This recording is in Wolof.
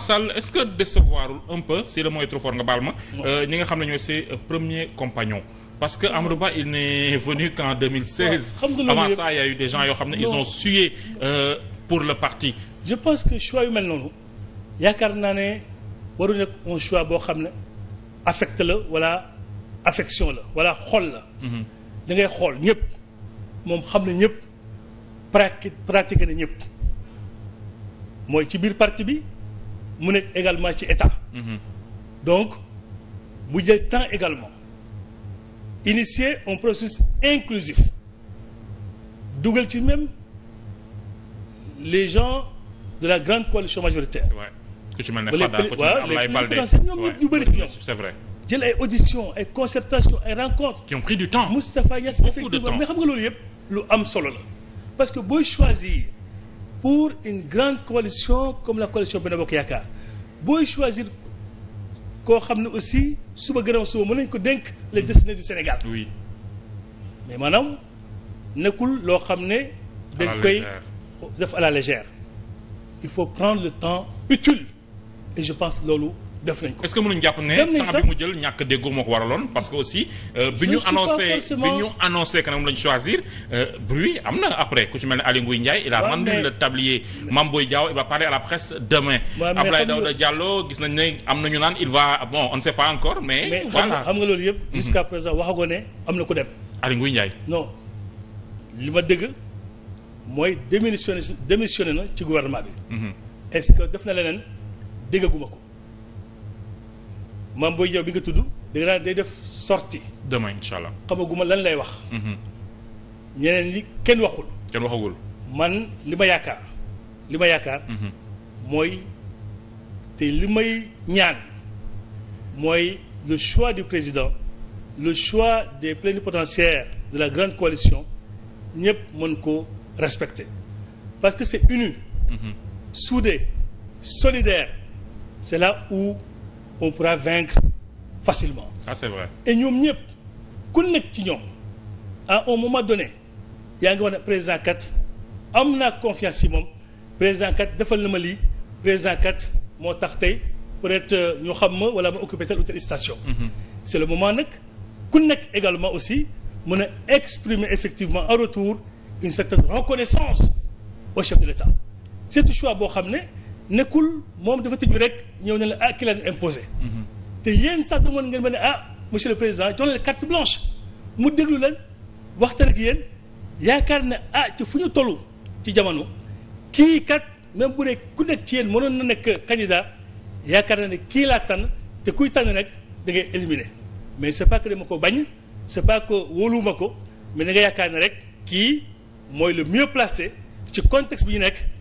Sall est-ce que décevoir un peu si le mot trop fort nga baal ma. Euh, ñi nga xam ne ñooy ses euh, premiers compagnons. parce que Amadou Ba il n'est venu qu'en avant ça il a eu des gens yoo xam ne ils ont sué euh, pour le parti. je pense que choix yu mel noonu yaakaar naa ne waruñu nekk un choix boo xam ne affect la wala affection la wala xool la. Mhm. da ngay xool ñëpp moom xam na ñëpp pratiqué na ñëpp mooy ci biir parti bi. mu nekk également ci état. Mhm. donc bu jël temps également initier un processus inclusif dugal ci même les gens de la grande coalition majoritaire. waaw ku ci mel ne Fada ku ci ay auditions ay concertations ay rencontres. qui ont pris du temps. Moustapha Niass effectivement mais xam nga loolu yëpp lu am solo la parce que booy choisir. pour une grande coalition comme la coalition Benno Bokk Yaakaar booy choisir koo xam ne aussi suba gën suba mën nañ ko dénk les destinées du Sénégal. oui mais maanaam nekkul loo xam ne. dañ koy def à la légère. il faut prendre le temps utile et je pense loolu. def nañ ko est-ce que mënuñ jàpp ne temps bi mu jël ñàkk déggoo moo ko waraloon parce que aussi euh, bi ñu annoncé bi ñu annoncé que moom la choisir euh, bruit am na après ku ci mel ne Aly Ngouille Ndiaye il a rendu le tablier Mame Boye Diao il va parler à la presse demain Abdoulaye Daouda Diallo gis nañ ne am na ñu naan il va bon on ne pas encore mais voilà xam nga loolu yëpp mhm. jusqu'à présent waxagoo ne am na ku dem Aly Ngouille Ndiaye non li ma dëgg mooy démissionné démissionné na ci gouvernement bi mhm. est-ce def na leneen déggaguma ko maam booy jaw bi nga tudd da day def sorti demain allah xamaguma lan lay wax. Mhm. ñeneen ñi kenn waxul. kenn waxagul. man li ma yaakaar li ma yaakaar. Mhm. mooy te li may ñaan mooy le choix du président le choix des plénipotentiaires de la grande coalition ñëpp mën ko respecter parce que c'est uni. Mm -hmm. soudé solidaire c'est là où. on pourra vaincre facilement. ça c'est et ñoom ñëpp ku nekk ci ñoom à un moment donné yaa ngi wax ne président kat am naa confiance ci moom président kat defal na ma lii président kat moo tax tey peut-être euh, ñoo xam ma wala ma occupé telle ou station. Mm-hmm. c'est le moment nag ku nekk également aussi mën a exprimer effectivement en retour une certaine reconnaissance au chef de l'État c'est un choix boo xam ne. nekkul moom dafa tëju rek ñëw ne la ah ki leen imposé. te yéen sax da ngeen mën ne ah monsieur le président jox leen carte blanche mu déglu leen waxtaan rek yéen yaakaar ne ah ci fu ñu tollu ci jamono kii kat même bu dee ku nekk ci yéen mënoon na nekk candidat yaakaar na ne kii laa tànn te kuy tànn nag da ngay éliminer mais c'est pas que dama ko bañ c'est pas que wóoluwuma ko mais da nga yaakaar ne rek kii mooy le mieux placé ci contexte bi ñu nekk.